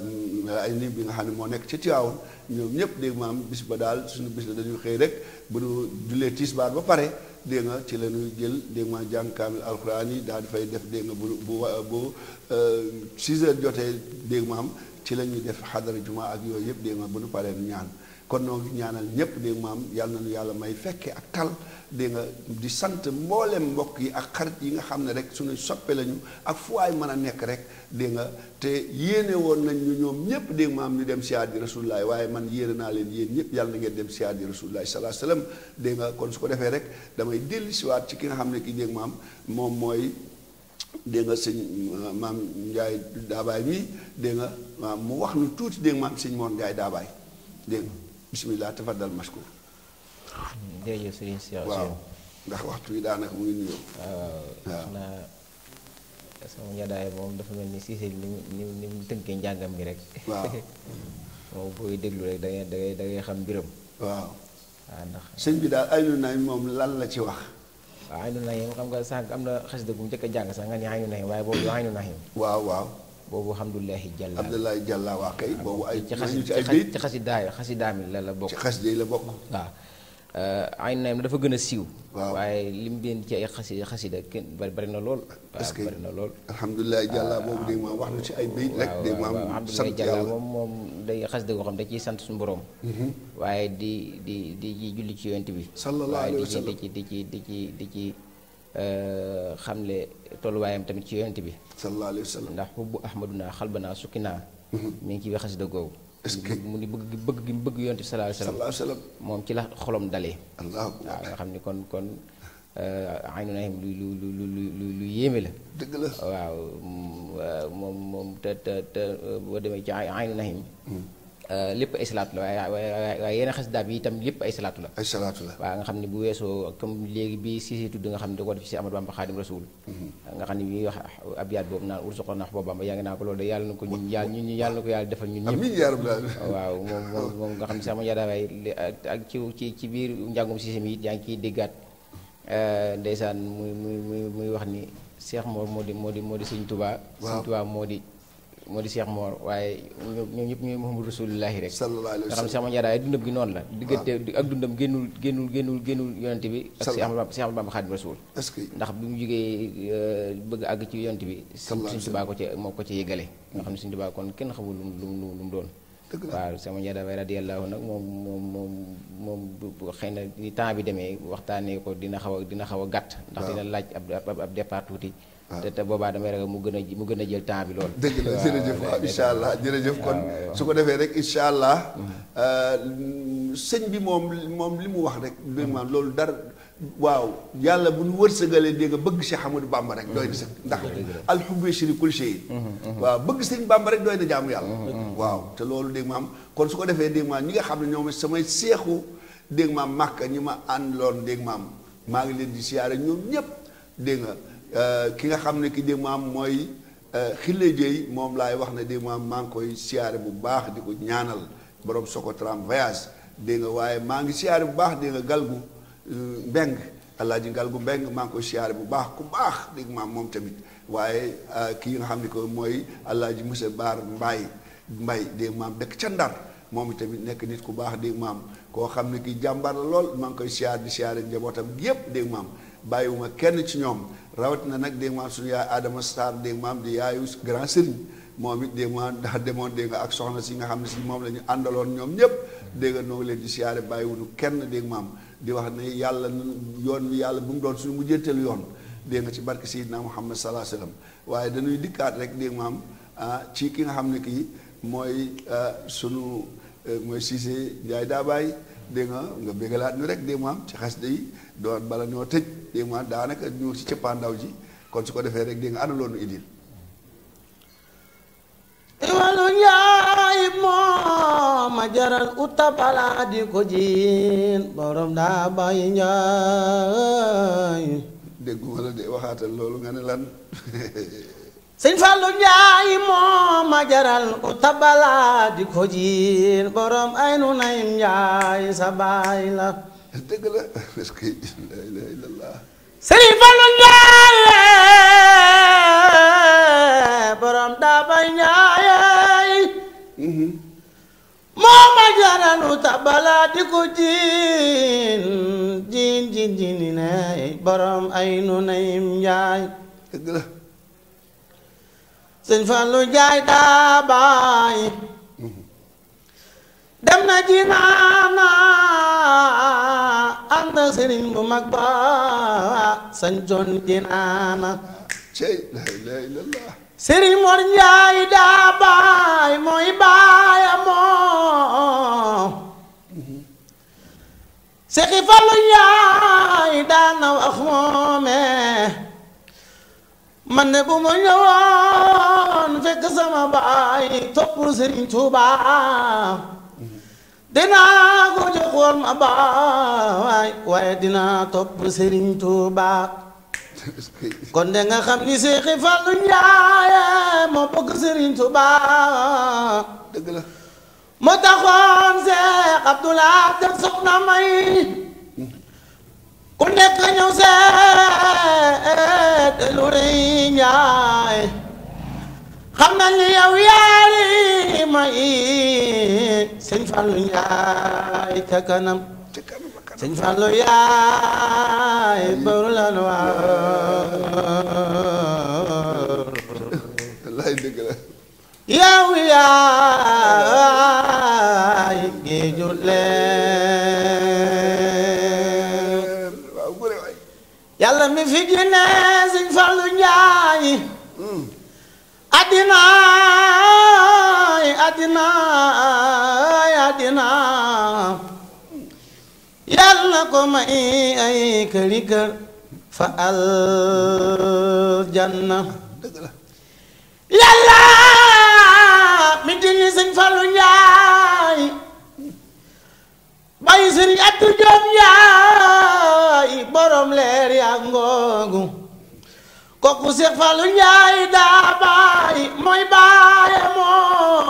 ay nii bi nga xam ne moo nekk ci Tivaouane ñoom ñëpp dégg maam bis ba daal suñu bis la dañuy xëy rek bu ñu jullee tisbaar ba pare dégg nga ci la ñuy jël dégg nga jàng kaamil alxuraan yi daal di fay def dégg nga bu bu bu 6 euh, heures jotee dégg maam ci la ñuy def xadara jumaa ak yooyu yëpp dégg nga bu nu paree ñaan. kon noo ñaanal ñëpp dégg maam yàlla na nu yàlla may fekkee ak tal dégg nga di sant mboolem mbokk yi ak xarit yi nga xam ne rek suñu soppee lañu ak fu waay mën a nekk rek dégg nga te yéene woon nañ ñu ñoom ñëpp dégg maam ñu dem siyaar ji rasulullaay waaye man yéene naa leen yéen ñëpp yàlla na ngeen dem siyaar ji rasulullaay salaa salaam dégg nga kon su ko defee rek damay dellu siwaat ci ki nga xam ne ki dégg maam moom mooy dégg nga sëñ euh, maam Ndiaye Daabaay mi dégg mu wax nu tuuti dégg sëñ Mor Ndiaye Daabaay dégg bisimilah tafaddal mashkur. jërëjëf Serigne Cheikh waaw ndax waxtu wi daanaka mu ngi nuyoo. waaw moom dafa mel ni Cissé ni tënkee njàngam gi rek. waaw moom déglu rek da ngay da xam mbiram. waaw. waaw ndax sëñ bi daal aynu nañ moom lan la ci wax. waaw aynu nañ xam nga sànq am na xas dëgg bu njëkk a sax nga ni aynu nañ waaye boobu aynu nañ. waaw waaw. boobu alhamdulilahi jàlla abdoulaye jàlla waa kay boobu ay ci ci xasidaay xasidaa mi la la bokk ci xasidaay la bokk waaw euh, ay naam dafa gën a siiw waaye lim bind ci ay xasi xasida kenn bari bari na lool parce que bari na lool alhamdulilahi jàlla ah. boobu day ma wax na ci ay bayit rek day ma sant jàlla moom moom de xasida goo xam da ciy sant su borom mhm. waaye di di di ci julli ci yonent bi sallallahu alayhi wa sallam di ci di ci di ci di ci Euh, xamle tolluwaayam tamit ci yonent bi. sallallahu alayhi ndax xubbu ahmaduna xalbanaa sukkinaa. Mm-hmm. mi ngi ciy waxee si mu ni bëgg bëgg gi mu bëgg yonent bi moom ci la xolom dalee. waaw nga xam ni kon kon. Euh, aynu nahim lu lu lu lu lu yéeme la. dëgg la waaw mm, moom moom te te te boo demee ci aynu nahim mm-hmm. Euh, lépp ay salaatu la waaye waaye waaye yeneen xasida bi tam lépp ay salaatu la. ay salaatu la waaw nga xam ne bu weesoo comme léegi bi si si tudd nga xam ne da ko def ci Amadou Bamba Xaadim Rasul. Mhm. nga xam ne bi ñuy wax abyaat boobu naan ursuqo nax boobu Bamba yaa ngi naa na ko ñun yàlla ñun yàlla na ko yàlla defal ñun ñëpp. amiin yaa rabbal waaw moom nga xam ne sama yaadawaay ak ci ci ci biir njàngum système yi yaa ngi ciy déggaat euh, ndeysaan muy muy muy muy wax ni Cheikh Mor moo di moo di moo di Sëñ Tuubaa. Sëñ Tuubaa moo di moo di Cheikh Mor waaye ñoom ñëpp ñooy Muhammadu Rasulullahi rek nga xam Cheikh Mor Diarra dundam gi noonu la diggante ak dundam génnul génnul génnul génnul yonent bi ak Cheikh Ahmadou Cheikh Ahmadou Bamba Khadim Rasoul ndax bi mu jógee euh, bëgg àgg ci yonent bi Sëriñ Tuubaa ko ca moo ko ca yëgale nga xam ne Sëriñ Tuubaa kon kenn xamul lu lu lu mu doon waaw sama njada way radiyallahu nag moom moom moom moom xëy na ni temps bi demee waxtaanee ko dina xaw dina xaw a gàtt ndax dina laaj ab ab ab départ tuuti te te boobaa damay ragal mu gën a mu gën a jël temps bi lool. dëgg la jërëjëf waaw incha allah jërëjëf kon su ko defee rek incha allah mm-hmm. euh, sëñ bi moom moom li mu wax rek. maanaam loolu dara. waaw yàlla bu ñu wërsëgalee dégg nga bëgg Cheikh Ahmadou Bamba rek doy na sax mm-hmm. ndax alxubbi shiri kul mm-hmm. waaw bëgg sëñ Bamba rek doy na jaamu yàlla waaw te loolu dégg maam kon su ko defee dégg maam ñi nga xam ne ñoom samay seexu dégg maam màkk ñi ma ànd loon dégg maam maa ngi leen di siyaare ñoom ñëpp dégg nga Euh, ki nga xam ne ki di maam mooy xile euh, jeey moom laay wax na di maam maa ngi koy siyaare bu baax di ko ñaanal borom Socotram voyage dégg nga waaye maa ngi siyaare bu baax dégg nga galgu euh, mbeng alaaji galgu mbeng maa ngi koy siyaare bu baax ku baax dégg maam moom tamit waaye kii nga xam ne ko mooy alaaji monsieur Baar Mbaay mbay dégg maam dëkk ca Ndar moom tamit nekk nit ku baax dégg maam koo xam ne kii jàmbaar la lool maa ngi koy siyaar di siyaare njabootam yépp dégg maam bàyyiwuma kenn ci ñoom na nag dégg maam suñu yaay Adama Sarr dégg maam di yaayu grand sëriñ moom it dégg maam ndax demoon dégg nga ak soxna si nga xam ne si moom la ñu àndaloon ñoom ñëpp dégg nga noo ngi leen di siyaare bàyyiwuñu kenn dégg maam di wax ne yàlla yoon wi yàlla bu mu doon suñu mujjanteelu yoon dégg nga ci barke Seydina Muhammad salaa salaam waaye dañuy dikkaat rek dégg maam ah, ci ki nga xam ne kii mooy ah, sunu eh, mooy Cissé Ndiaye Daabay dégg nga nga bégalaat ñu rek dégg maam ci xas yi doon bala ñoo tëj dégg maam daanaka ñu ci cëppaandaw ji kon su ko defee rek dégg nga ana loonu idil iwalu njaay moo ma jaral utabala di ko jiin borom daa bàyyi njaay dégguma la de waxaatal loolu nga ne lan sëñ Fallou Njaay moo ma jaral ku tabala di ko jiin borom ay nu nayim Njaay sa la dëgg la est-ce la ilaha illallah sëñ Fallou Njaay borom daaba Njaay moo ma jaral ku tabala di ko jiin jiin jiin jiin ne borom ay nu nayim Njaay sëñ Fallou Njaay daa baay dem na ji naana ànd sëriñ bu mag ba sañ ji naana sëriñ Mor Njaay daa baay mooy baaya moo sëriñ Fallou Njaay daa na wax moome man ne bu ma ñëwoon fekk sama baay topp Sëriñ Tuuba dinaa ko jox woon ma baay waaye dinaa topp Sëriñ Tuuba kon de nga xam ni Seex Fallu Njaaye moo bëgg Sëriñ Tuuba dëgg la moo taxoon Seex Abdulaay def soxna may ku nekk ñëw seet lu rëy Njaaye xam na ni yow yaari may sëñ Fallou Ndiaye ca baru la lay dëgg la yow yaay mi fi génne sëñ Fallou addinaay addinaay addina yàlla ko may ay këri kër fa aljanna yàlla mi dindi sëñ Fallou Njaay bay sëriñ Abdou Diop Njaay borom leer yaa ngoogu kooku Seex Fallu Njaay daa baay mooy baaye moo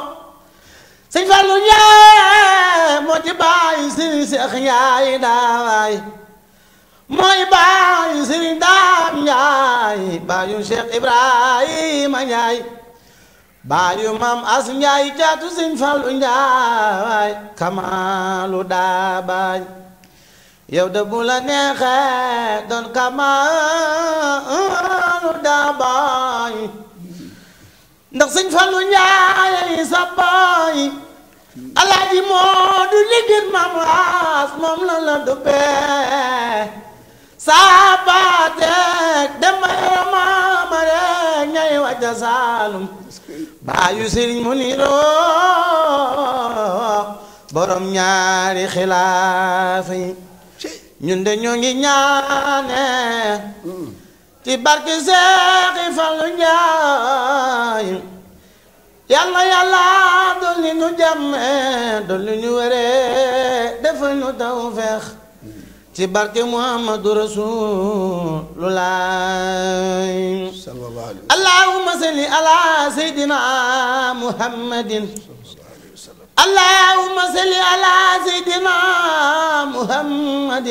Sëñ Fallu Njaay moo baay Sëriñ Seex Njaay daa waay mooy baay Sëriñ Daam Njaay baayu Seex Ibrahima Njaay baayu Maam As Njaay caatu Sëñ Fallu Njaay kamaalu daa baay yow de bu la neexee doon kamaalu daabaay ndax sëñ Fallou Ndiaye sa alaaji moo du liggéey maam raas moom la la duppee saa baateek dema maama rek ñay baayu sëriñ mu niroo borom ñaari xilaafa ñun de ñu ngi ñaane ci hmm. barke Seexi Fallu Njaay yàlla yàlla dolli nu jàmme dolli ñu wéree defal ñu tawfeex ci hmm. barke Muhammadu Rasulullaay allahumma salli ala sayyidina muhammadin اللهم صل على سيدنا محمد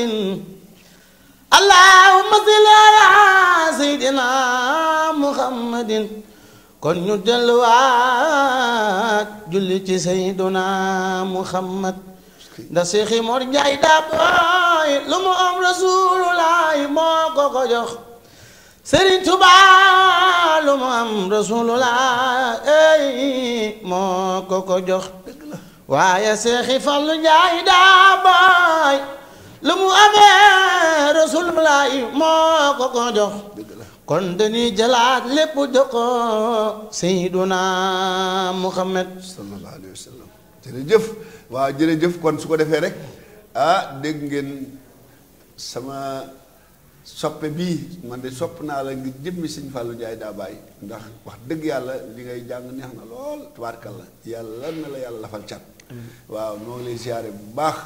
اللهم صل على سيدنا محمد kon ñu delluwaat julli ci sayduna muhammad nda seexi mor njaay daa booy lu mu am rasulullahi moo ko ko jox sëriñ tuba lu mu am rasulullahi moo ko ko jox waaye seexi fallu njaay daa rasul laay moo ko jox kon dañuy jëlaat muhammad sallallahu alayhi wa sallam jërëjëf waaw jërëjëf kon su ko rek ah dégg ngeen sama soppe bi, man de sopp naa la ngir jëmmi sëñ Fallou Ndiaye daa bàyyi ndax wax dëgg yàlla li ngay jàng neex na na la waaw ñoo ngi lay bu baax.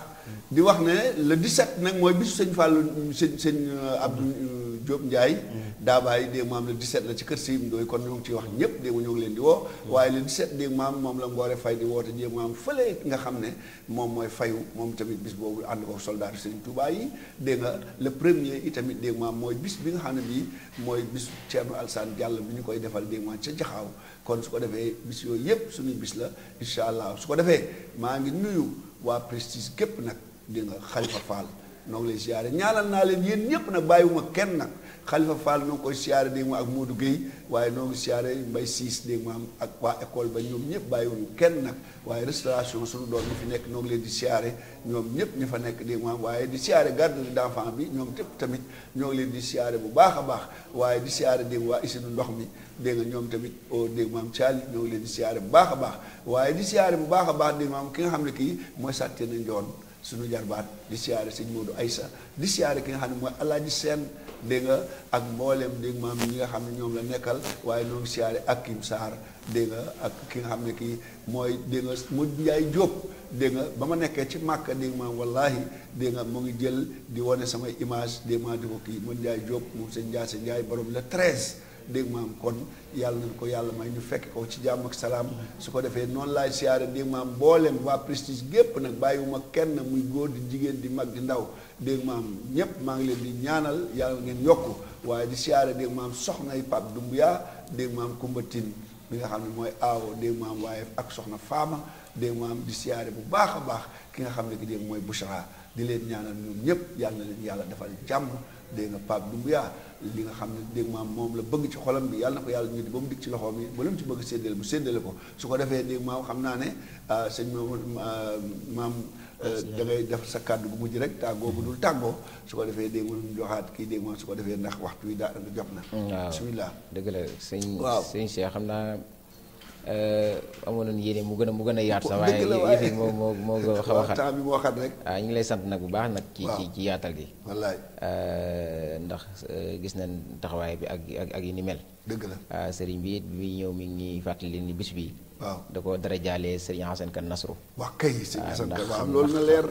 di wax ne le set nag mooy bisu sëñ Fallou sëñ sëñ euh, Abdou euh, Diop Ndiaye. daa bàyyi dégg maam le 17 la ci kër Sëñ Ndoye kon ñoo ngi ciy wax ñëpp dégg ñoo ngi leen di woo. waaye le 17 dégg maam moom la Ngoore Fay di woote dégg maam fële nga xam ne moom mooy fayu moom tamit bis boobu ànd ko soldat Sëñ Touba yi dégg nga le premier itamit dégg maam mooy bis bi nga xam ne bii mooy bis Thierno Alassane Diallo bi ñu koy defal dégg maam ca Jaxaaw. kon su ko defee bis yooyu yëpp suñu bis la incha allah su ko defee maa ngi nuyu waa prestige képp nag di nga Khalifa Fall noo ngi lay ñaalal naa leen yéen ñëpp nag bàyyiwuma kenn nag Khalifa Fall ñoo ngi koy siyaare dégg nga ak Modou Guèye waaye ñoo ngi siyaare Mbaye Ciss dégg nga ak waa école ba ñoom ñëpp bàyyiwuñu kenn nag waaye restauration suñu doon ñu fi nekk ñoo leen di siyaare ñoom ñëpp ñu fa nekk dégg waaye di siyaare garderie d'enfants bi ñoom tépp tamit ñoo ngi leen di siyaare bu baax a baax waaye di siyaare dégg nga waa isinu ndox mi dégg ñoom tamit o dégg maam Thiali ñoo ngi leen di siyaare bu baax a baax waaye di siyaare bu baax a baax dégg maam ki nga xam ne kii mooy sàtte na njoon suñu jarbaat di siyaare sëñ Modou Aïssa di siyaare ki nga xam ne mooy Alaaji Seen dégg nga ak mboolem dégg maam ñi nga xam ne ñoom la nekkal waaye ñoo ngi siyaare ak Kim Sarr dégg nga ak ki nga xam ne kii mooy dégg nga mu Njaay Jóob dégg nga ba ma nekkee ci màkka dégg maam wallaahi dégg nga mu ngi jël di wane samay image dégg ma di ko kii mu Njaay Jóob moom seen Njaay seen Njaay borom la treize dégg maam kon yàlla nañ ko yàlla may ñu fekk ko ci jàmm ak salaam su ko defee noonu laay siyaare dégg maam booleem waa prestige gépp nag bàyyiwuma kenn muy góor di jigéen di mag di ndaw dégg maam ñépp maa ngi leen di ñaanal yàlla ngeen yokk waaye di siyaare dégg maam soxnay Pape yaa dégg maam Koumbatine mi nga xam ne mooy aawo dégg maam waaye ak soxna Faama dégg maam di siyaare bu baax a baax ki nga xam ne ki dégg mooy Bouchra di leen ñaanal ñoom yàlla yàlla defal jàmm dégg nga Pape li nga xam ne dégg maam moom la bëgg ci xolam bi yàlla na ko yàlla ñu di ba mu dikk ci loxoom yi ba lu ci bëgg séddale bu séddale ko su ko defee dégg maam xam naa ne ah, sëñ ah, maam ah, da ngay def sa kàddu bu mujj rek tàggoo bu dul tàggoo su ko defee dégg maam joxaat kii dégg maam su ko defee ndax waxtu wi daa jot na bismillah dëgg la sëñ sëñ Cheikh xam naa Euh, amoon nañu yéene mu gën a mu gën a yaatu. sax waaye yëf yi moo moo moo ko xaw a xat temps bi moo xat rek. Ah, ñu ngi lay sant nag bu baax nag. ci ci ci yaatal gi. wallaay. Euh, ndax euh, gis nañ taxawaay bi ak ak ak yi ni mel. dëgg la ah, sëriñ biit bi ñëw mi ngi fàttali ni bis bii waaw da ko dara jaalee sëriñ Xasan Kan Nasru wax kay sëriñ Xasan Kan waaw loolu na leer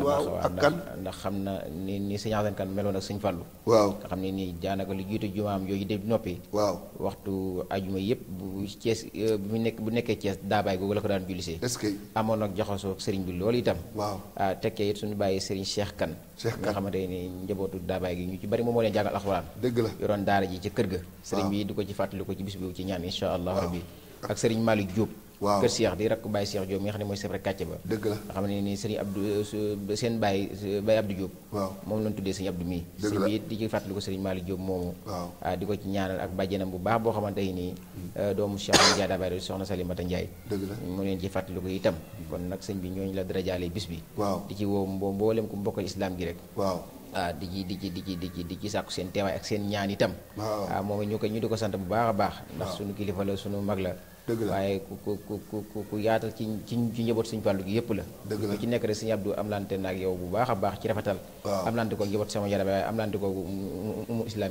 waaw ak kan ndax xam na ni ni sëriñ Xasan Kan meloon ak sëriñ Fallu waaw nga xam ne nii daanaka lu jiitu jumaam yooyu de noppi waaw waxtu ajuma yëpp bu Cees eh, bu nekk bu nekkee Cees daabaay googu la ko daan jullisee est-ce que amoon ak jaxasoo ak sëriñ bi loolu itam waaw ah tekkee it suñu bàyyi sëriñ Cheikh Kan nga xamante ni njabootu daabaay gi ñu ci bari moom moo leen jàngal alxuraan dëgg la yoroon daara ji ci kër ga sëriñ bi di ko ci fàttali ko ci bis ci ñaan insha allah rabbi ak Serigne Malick Diop. waaw kër Cheikh di rakk Baye Cheikh Diop mi nga xam ne mooy sefre kàcce ba dëgg la xam ne ni Serigne Abdou euh, seen Baye Baye Abdou Diop waaw moom lañ tuddee Serigne Abdou mii Serigne bi di ci fàttali ko Serigne Malick Diop moomu waaw ah, di ko ci ñaanal ak bàjjenam bu baax boo xamante nii mm. euh, doomu Cheikh Ndiaye Dabaye di soxna Salimata Ndiaye dëgg la mu leen ci fàttali ko itam kon nag sëñ bi ñooñu la darajaale bis bi waaw di ci woo mboo mboolem ku mbokkal islam gi rek waaw ah, di ci di ci di ci di ci di ci sàkku seen teewaay ak seen ñaan itam waaw ah, ñu di ko sant bu baax a baax ndax suñu kilifa la sunu mag la dëgg la waaye ku ku ku ku yaatal ci ci ci njaboot suñu fàllu gi yëpp la. dëgg la ku ci nekk rek suñu Abdou amlante na ak yow bu baax a baax ci rafetal. amlante ko njaboot sama yaram la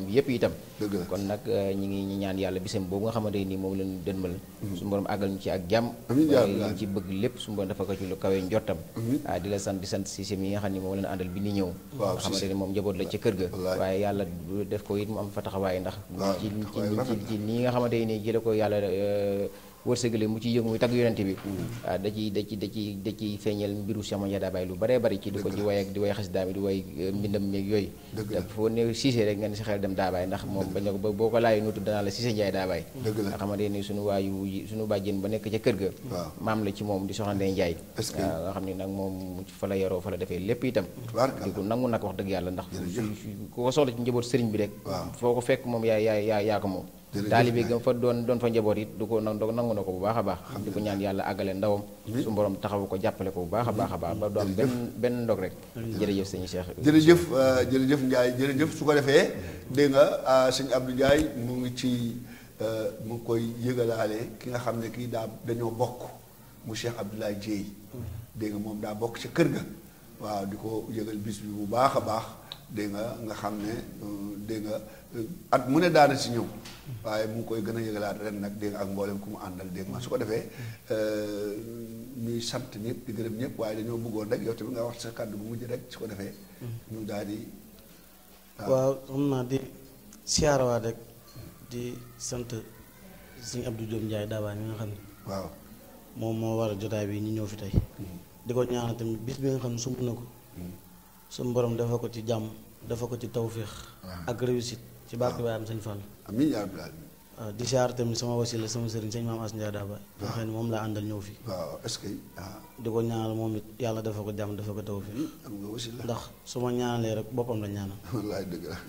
kon nag euh, ñi ngi ñu ñaan yàlla bisam boobu nga xamante nii moom lañu dënmal. Mm-hmm. suñu borom àggal ñu ci ak jàmm. amiin ci bëgg lépp suñu borom dafa ah, nga xam ne moom lañu àndal bi ni ñëw. nga xamante ni moom njaboot la ci kër ga. waaye yàlla def ko it mu am fa taxawaay ndax. nii nga xamante nii jële ko yàlla euh, wërsëgale mu ci yëngu muy tagg yonente bi waaw mm. ah, da ci da ci da ci da feeñal mbiru Cheikh Madia Dabaye lu bare bari ci di ko eh, yooyu da foo ne Cissé nga ne sa xel dem Dabaye ndax moom bañ ne ko ba boo ko danaa la Cissé Ndiaye Dabaye nga ni suñu waayu suñu bàjjen ba nekk ca kër ga maam la ci moom di soxna Ndeye Ndiaye waaw ah, nga xam ne nag moom fa la yaroo fa la defee lépp itam di ko nangu nag wax dëgg yàlla ndax ku ko soxla ci njaboot sëriñ bi rek foo ko fekk moom yaa yaa yaa yaa ko moom taalibe gi fa doon doon fa njaboot it du ko nangu na ko bu baax a baax di ko ñaan yàlla àggale ndawam su borom taxawu ko jàppale ko bu baax a baax ba doon benn benn ndog rek jërëjëf sëñ Cheikh jërëjëf euh, jërëjëf Ndiaye jërëjëf su ko defee dégg nga sëñ Abdou Ndiaye mu ngi ci euh, mu ngi koy yëgalaale ki nga xam ne kii daa dañoo bokk mu Cheikh Abdoulaye Dieye mm. dégg nga moom daa bokk ca kër ga waaw di ko yëgal bis bi bu baax a baax dégg nga nga xam ne euh, dégg nga euh, at mu ne daana si ñëw waaye mu ngi koy gën a yëgalaat ren nag dégg ak mboolem ku mu àndal dégg ma su ko defee mm. euh, ñuy sant ñëpp di gërëm ñëpp waaye dañoo bëggoon rek yow tamit nga wax sa kàddu bu mujj rek su ko defee mm. daal di waaw di siyaarawaat rek sëñ Abdou Diom Ndiaye daabaa mi nga waaw moom moo war a jotaay bi ñu ñëw fi tey mm. di ko ñaanal tamit bis bi nga xam ne sumb na ko suñu borom dafa ko ci jàmm dafa ko ci tawféex. ak réussite ci barke baayam sëñ Fall. amiin yaa rabbal di siyaar tamit sama wasila sama sëriñ sëñ maam as Ndiaye Daba. moom laa àndal ñëw fii. waaw est-ce ah. di ko ñaanal moom it yàlla dafa ko jàmm dafa ko tawféex. Hmm, am ndax su ma ñaanalee rek boppam la ñaanal. la.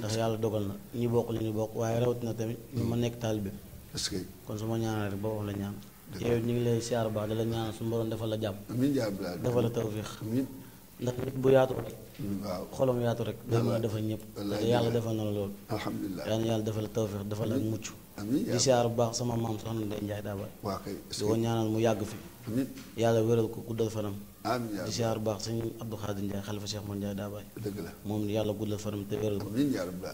ndax yàlla dogal na ñu bokk la ñu bokk waaye na tamit ñu ma nekk taalibe. est-ce que. kon su ma ñaanalee rek boppam la ñaan. yow ñu ngi lay siyaar baax di la ñaanal suñu borom dafa la jàmm. amiin yaa rabbal aalamiin dafa ndax nit bu yaatu rek. waaw xolam yaatu rek. dama defal ñëpp. yàlla defal na la loolu. alhamdulilah yàlla yàlla defal la tawféex defal la mucc. amiin di siyaar bu baax sama maam soxna Ndeye Ndiaye daa baax. waaw kay di ko ñaanal mu yàgg fi. yàlla wéral ko guddal fanam. amiin di ziar baax sëñ Abdou Khadir Ndiaye xalifa Cheikh Mawone Ndiaye daa bàyyi. la moom yàlla guddal fanam te wéral ko.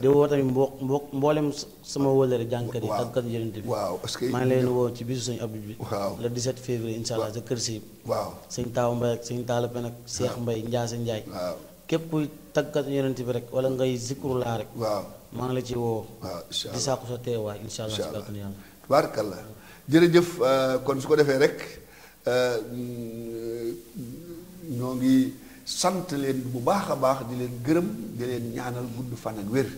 di woo tamit mbo mbo mboolem sama wëllëre jàngkat yi. waaw tàggkat yonente bi. waaw est-ce leen woo ci bisu sëñ Abdou bi. waaw le 17 février incha sa kër si. waaw sëñ Taaw Mbaye ak sëñ Talla Pen ak Cheikh Mbaye képp kuy tàggkat bi rek wala ngay zikru laa rek. waaw maa la ci woo. waaw incha di saako sa teewaay incha allah si kàttan yàlla. barakallah jërëjëf euh, kon ñoo ngi sant leen bu baax a baax di leen gërëm di leen ñaanal gudd fan ak wér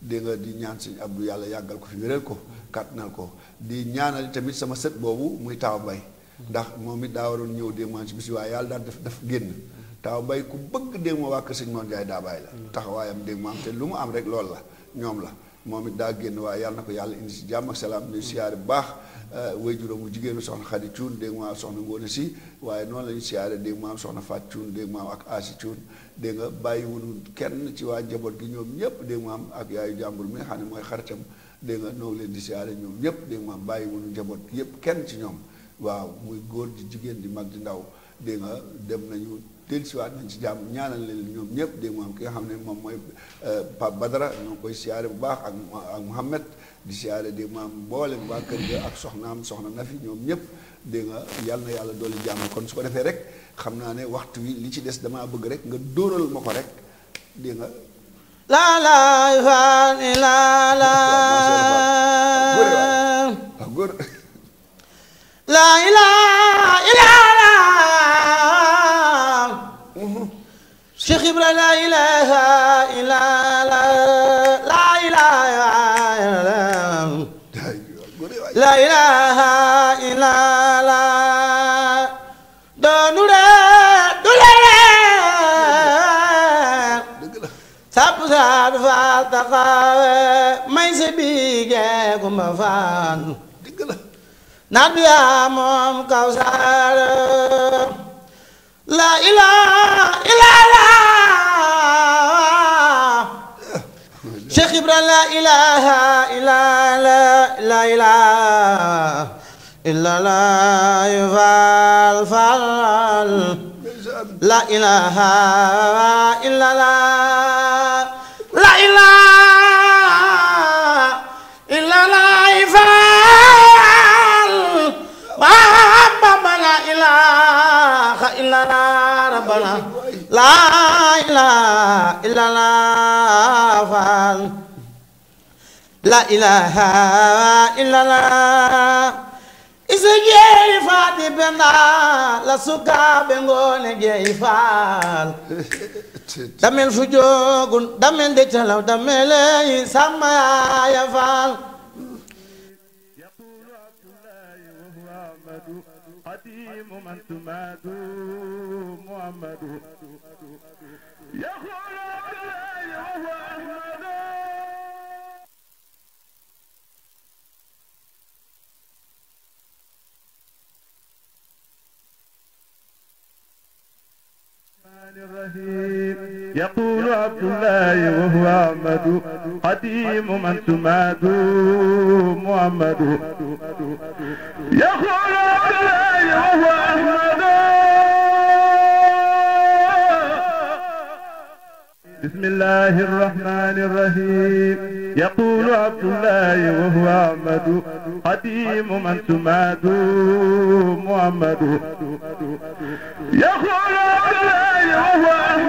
dégg nga di ñaan sëñ Abdou yàlla yàggal ko fi wéral ko kàttanal ko di ñaanal tamit sama sët boobu muy taaw bay ndax moom it daa waroon ñëw démb ci bis waaye yàlla daal def daf génn taaw bay ku bëgg démb waa kër sëñ Mor Ndiaye daa bàyyi la taxawaayam démb am te lu mu am rek lool la ñoom la moom it daa génn waaye yàlla na ko yàlla indi si jàmm ak salaam nuy siyaare bu baax Euh, way juróom bu jigéenu soxna Xadi Cuun dégg nga maam soxna Ngóone si waaye noonu la ñu siyaare dégg nga maam soxna Faat Cuun dégg nga maam ak Asi Cuun dégg nga bàyyiwunu kenn ci waa njaboot gi ñoom ñëpp dégg nga maam ak yaayu jàmbur mi nga xam ne mooy xaritam dégg nga noo leen di siyaare ñoom ñëpp dégg nga njaboot yëpp kenn ci ñoom waaw muy góor di jigéen di mag di ndaw dégg nga dem nañu dellusiwaat nañ ci jàmm ñaanal leen ñoom ñëpp dégg ki nga xam ne moom mooy euh, Pape Badara ñoo ngi koy siyaare bu baax ak ak Mouhamed di siyaare di maam mboolem waa kër ga ak soxnaam soxna na fi ñoom ñëpp dégg nga yàlla na yàlla dooli jàmm kon su ko defee rek xam naa ne waxtu wi li ci des damaa bëgg rek nga dóoral ma ko rek dégg nga la la la la la góor la ilaha illallah uhuh. Cheikh Ibrahima la ilaha illallah la ilaha illa la du la reer sàpp saadu faal taxawe may si biigee kumba faal naat bi yaa moom kaw saare la ilaha شيخ إبراهيم لا إله إلا لا لا إله إلا لا يفعل فعل لا إله إلا لا لا إله إلا لا يفعل وأحب لا إله إلا لا ربنا laa ilaaha illallaah faal laa ilaaha illallaah isi jeey faal di benda la suka ngoone jeey faal damel fu joogun damel de calaw damel ey yaaya faal الرحيم يقول عبد الله وهو أحمد قديم من تماد محمد يقول عبد الله وهو أحمد بسم الله الرحمن الرحيم يقول عبد الله وهو عمد قديم من سماد محمد يقول عبد الله وهو